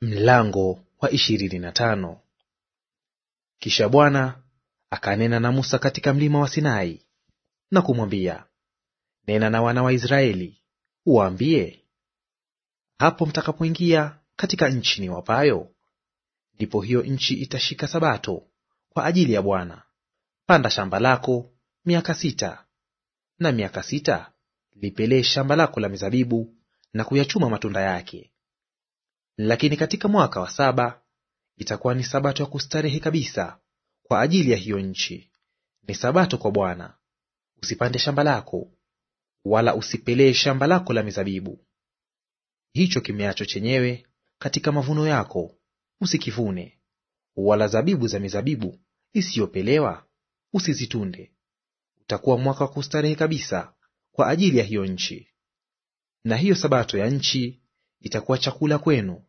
Mlango wa ishirini na tano. Kisha Bwana akanena na Musa katika mlima wa Sinai na kumwambia, nena na wana wa Israeli uwaambie, hapo mtakapoingia katika nchi ni wapayo ndipo hiyo nchi itashika sabato kwa ajili ya Bwana. Panda shamba lako miaka sita, na miaka sita lipelee shamba lako la mizabibu na kuyachuma matunda yake lakini katika mwaka wa saba itakuwa ni sabato ya kustarehe kabisa kwa ajili ya hiyo nchi; ni sabato kwa Bwana. Usipande shamba lako, wala usipelee shamba lako la mizabibu. Hicho kimeacho chenyewe katika mavuno yako usikivune, wala zabibu za mizabibu isiyopelewa usizitunde. Utakuwa mwaka wa kustarehe kabisa kwa ajili ya hiyo nchi. Na hiyo sabato ya nchi itakuwa chakula kwenu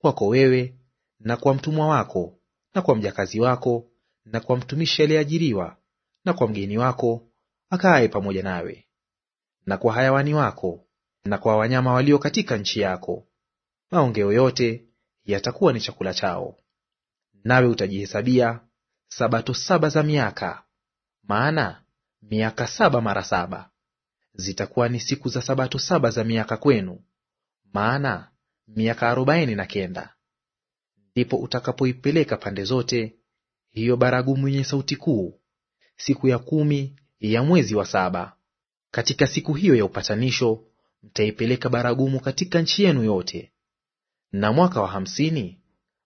kwako wewe na kwa mtumwa wako na kwa mjakazi wako na kwa mtumishi aliyeajiriwa na kwa mgeni wako akaaye pamoja nawe na kwa hayawani wako na kwa wanyama walio katika nchi yako. Maongeo yote yatakuwa ni chakula chao. Nawe utajihesabia sabato saba za miaka, maana miaka saba mara saba zitakuwa ni siku za sabato saba za miaka kwenu, maana miaka arobaini na kenda. Ndipo utakapoipeleka pande zote hiyo baragumu yenye sauti kuu siku ya kumi ya mwezi wa saba. Katika siku hiyo ya upatanisho mtaipeleka baragumu katika nchi yenu yote. Na mwaka wa hamsini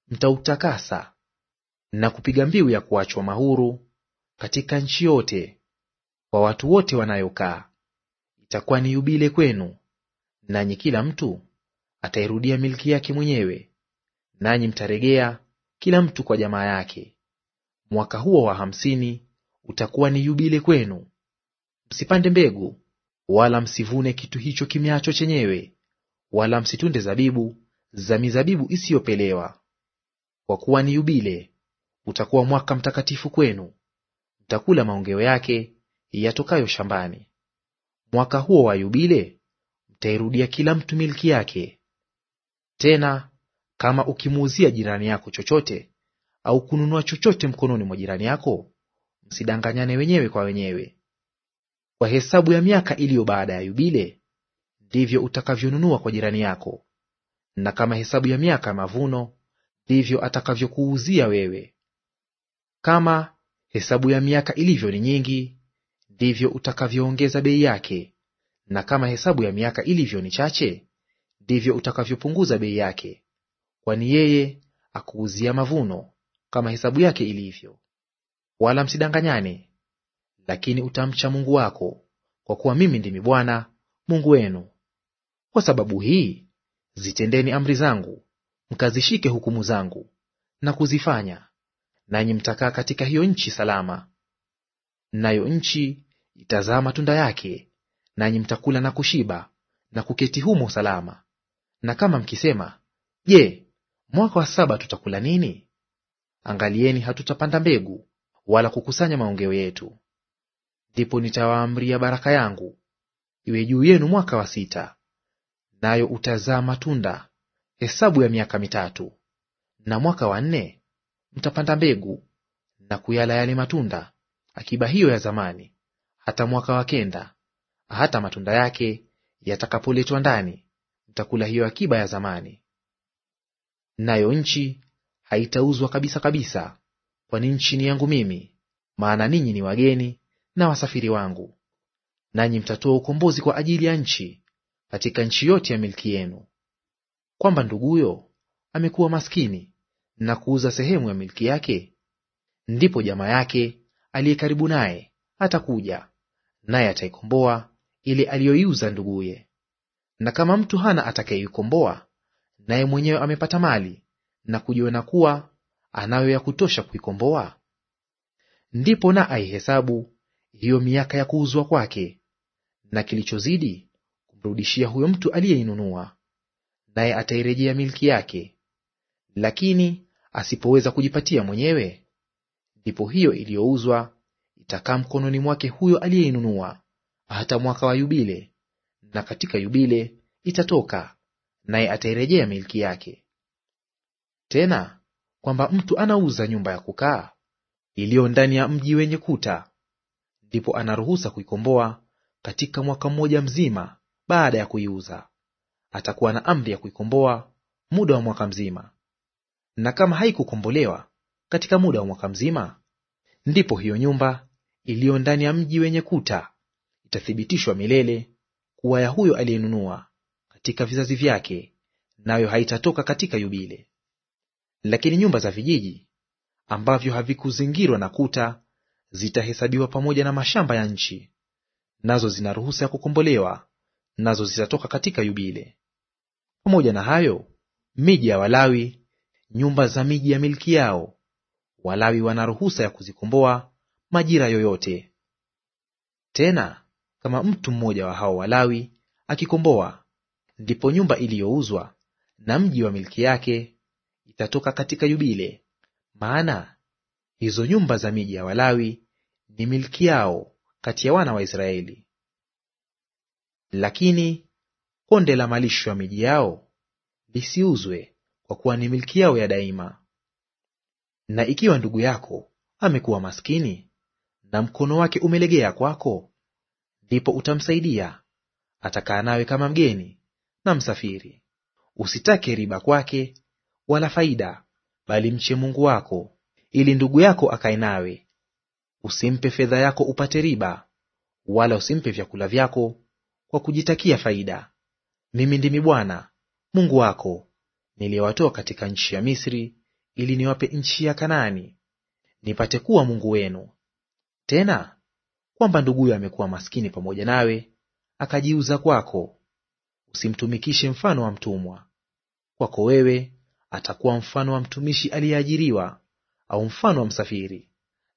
mtautakasa na kupiga mbiu ya kuachwa mahuru katika nchi yote kwa watu wote wanayokaa. Itakuwa ni yubile kwenu, nanyi kila mtu atairudia milki yake mwenyewe, nanyi mtaregea kila mtu kwa jamaa yake. Mwaka huo wa hamsini utakuwa ni yubile kwenu. Msipande mbegu wala msivune kitu hicho kimyacho chenyewe, wala msitunde zabibu za mizabibu isiyopelewa, kwa kuwa ni yubile; utakuwa mwaka mtakatifu kwenu. Mtakula maongeo yake yatokayo shambani. Mwaka huo wa yubile mtairudia kila mtu milki yake, tena kama ukimuuzia jirani yako chochote au kununua chochote mkononi mwa jirani yako, msidanganyane wenyewe kwa wenyewe. Kwa hesabu ya miaka iliyo baada ya Yubile ndivyo utakavyonunua kwa jirani yako, na kama hesabu ya miaka ya mavuno ndivyo atakavyokuuzia wewe. Kama hesabu ya miaka ilivyo ni nyingi, ndivyo utakavyoongeza bei yake, na kama hesabu ya miaka ilivyo ni chache, ndivyo utakavyopunguza bei yake, kwani yeye akuuzia mavuno kama hesabu yake ilivyo. Wala msidanganyane, lakini utamcha Mungu wako, kwa kuwa mimi ndimi Bwana Mungu wenu. Kwa sababu hii zitendeni amri zangu, mkazishike hukumu zangu na kuzifanya, nanyi mtakaa katika hiyo nchi salama. Nayo nchi itazaa matunda yake, nanyi mtakula na kushiba na kuketi humo salama. Na kama mkisema, Je, mwaka wa saba tutakula nini? Angalieni, hatutapanda mbegu wala kukusanya maongeo yetu. Ndipo nitawaamria baraka yangu iwe juu yenu mwaka wa sita, nayo utazaa matunda hesabu ya miaka mitatu. Na mwaka wa nne mtapanda mbegu na kuyala yale matunda, akiba hiyo ya zamani, hata mwaka wa kenda, hata matunda yake yatakapoletwa ndani mtakula hiyo akiba ya zamani. Nayo nchi haitauzwa kabisa kabisa, kwani nchi ni yangu mimi, maana ninyi ni wageni na wasafiri wangu. Nanyi mtatoa ukombozi kwa ajili ya nchi katika nchi yote ya milki yenu. Kwamba nduguyo amekuwa maskini na kuuza sehemu ya milki yake, ndipo jamaa yake aliye karibu naye atakuja, naye ataikomboa ile aliyoiuza nduguye. Na kama mtu hana atakayeikomboa, naye mwenyewe amepata mali na kujiona kuwa anayo ya kutosha kuikomboa, ndipo na aihesabu hiyo miaka ya kuuzwa kwake, na kilichozidi kumrudishia huyo mtu aliyeinunua, naye atairejea milki yake. Lakini asipoweza kujipatia mwenyewe, ndipo hiyo iliyouzwa itakaa mkononi mwake huyo aliyeinunua hata mwaka wa Yubile, na katika yubile itatoka, naye atairejea milki yake. Tena kwamba mtu anauza nyumba ya kukaa iliyo ndani ya mji wenye kuta, ndipo anaruhusa kuikomboa katika mwaka mmoja mzima baada ya kuiuza; atakuwa na amri ya kuikomboa muda wa mwaka mzima. Na kama haikukombolewa katika muda wa mwaka mzima, ndipo hiyo nyumba iliyo ndani ya mji wenye kuta itathibitishwa milele kuwa ya huyo aliyenunua katika vizazi vyake, nayo haitatoka katika yubile. Lakini nyumba za vijiji ambavyo havikuzingirwa na kuta zitahesabiwa pamoja na mashamba ya nchi, nazo zina ruhusa ya kukombolewa, nazo zitatoka katika yubile. Pamoja na hayo, miji ya Walawi, nyumba za miji ya milki yao, Walawi wana ruhusa ya kuzikomboa majira yoyote. Tena kama mtu mmoja wa hao Walawi akikomboa, ndipo nyumba iliyouzwa na mji wa milki yake itatoka katika yubile, maana hizo nyumba za miji ya Walawi ni milki yao kati ya wana wa Israeli. Lakini konde la malisho ya miji yao lisiuzwe, kwa kuwa ni milki yao ya daima. Na ikiwa ndugu yako amekuwa maskini na mkono wake umelegea kwako, ndipo utamsaidia; atakaa nawe kama mgeni na msafiri. Usitake riba kwake wala faida, bali mche Mungu wako, ili ndugu yako akae nawe. Usimpe fedha yako upate riba, wala usimpe vyakula vyako kwa kujitakia faida. Mimi ndimi Bwana Mungu wako niliyewatoa katika nchi ya Misri ili niwape nchi ya Kanaani, nipate kuwa Mungu wenu. Tena kwamba nduguyo amekuwa maskini pamoja nawe akajiuza kwako. Usimtumikishe mfano wa mtumwa; kwako wewe atakuwa mfano wa mtumishi aliyeajiriwa au mfano wa msafiri,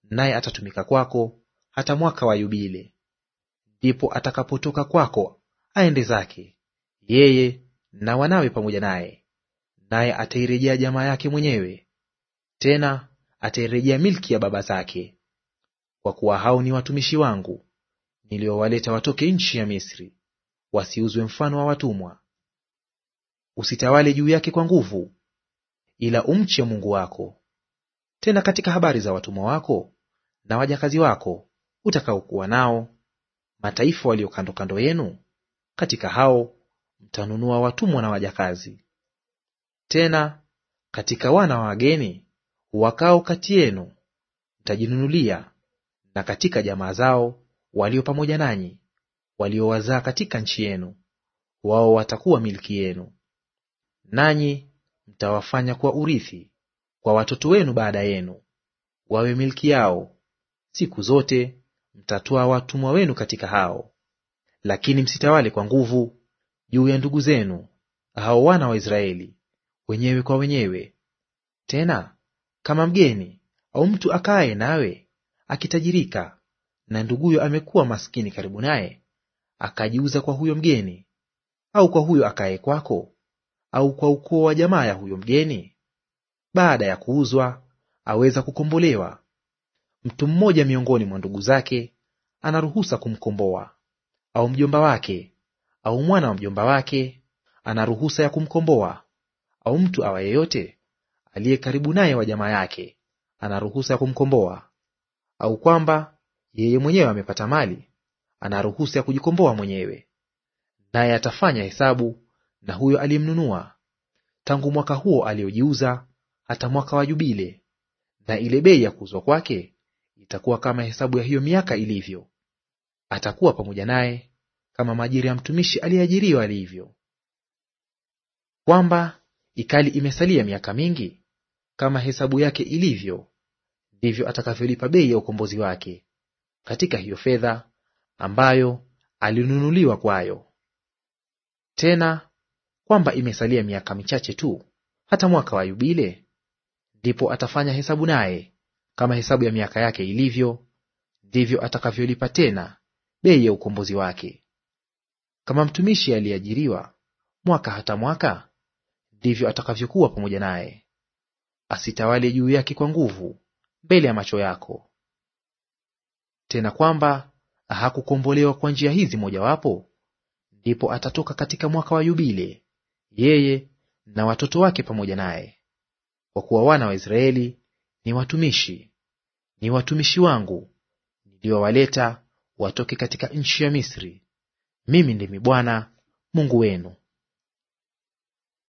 naye atatumika kwako hata mwaka wa Yubile. Ndipo atakapotoka kwako aende zake, yeye na wanawe pamoja naye, naye atairejea jamaa yake mwenyewe, tena atairejea milki ya baba zake kwa kuwa hao ni watumishi wangu niliowaleta watoke nchi ya Misri, wasiuzwe mfano wa watumwa. Usitawale juu yake kwa nguvu, ila umche Mungu wako. Tena katika habari za watumwa wako na wajakazi wako utakaokuwa nao, mataifa walio kando kando yenu, katika hao mtanunua watumwa na wajakazi. Tena katika wana wa wageni wakao kati yenu mtajinunulia na katika jamaa zao walio pamoja nanyi waliowazaa katika nchi yenu, wao watakuwa milki yenu, nanyi mtawafanya kwa urithi kwa watoto wenu baada yenu, wawe milki yao; siku zote mtatoa watumwa wenu katika hao. Lakini msitawale kwa nguvu juu ya ndugu zenu hao wana wa Israeli wenyewe kwa wenyewe. Tena kama mgeni au mtu akaye nawe akitajirika, na nduguyo amekuwa maskini karibu naye, akajiuza kwa huyo mgeni, au kwa huyo akaye kwako, au kwa ukoo wa jamaa ya huyo mgeni, baada ya kuuzwa aweza kukombolewa. Mtu mmoja miongoni mwa ndugu zake anaruhusa kumkomboa, au mjomba wake au mwana wa mjomba wake ana ruhusa ya kumkomboa, au mtu awa yeyote aliye karibu naye wa jamaa yake ana ruhusa ya kumkomboa au kwamba yeye mwenyewe amepata mali, ana ruhusa ya kujikomboa mwenyewe, naye atafanya hesabu na huyo aliyemnunua tangu mwaka huo aliyojiuza hata mwaka wa Jubile, na ile bei ya kuuzwa kwake itakuwa kama hesabu ya hiyo miaka ilivyo. Atakuwa pamoja naye kama majira ya mtumishi aliyeajiriwa alivyo. Kwamba ikali imesalia miaka mingi, kama hesabu yake ilivyo, ndivyo atakavyolipa bei ya ukombozi wake katika hiyo fedha ambayo alinunuliwa kwayo. Tena kwamba imesalia miaka michache tu hata mwaka wa Yubile, ndipo atafanya hesabu naye kama hesabu ya miaka yake ilivyo, ndivyo atakavyolipa tena bei ya ukombozi wake. Kama mtumishi aliyeajiriwa mwaka hata mwaka, ndivyo atakavyokuwa pamoja naye; asitawale juu yake kwa nguvu, mbele ya macho yako. Tena kwamba hakukombolewa kwa njia hizi mojawapo, ndipo atatoka katika mwaka wa yubile, yeye na watoto wake pamoja naye. Kwa kuwa wana wa Israeli ni watumishi, ni watumishi wangu niliowaleta watoke katika nchi ya Misri. Mimi ndimi Bwana Mungu wenu.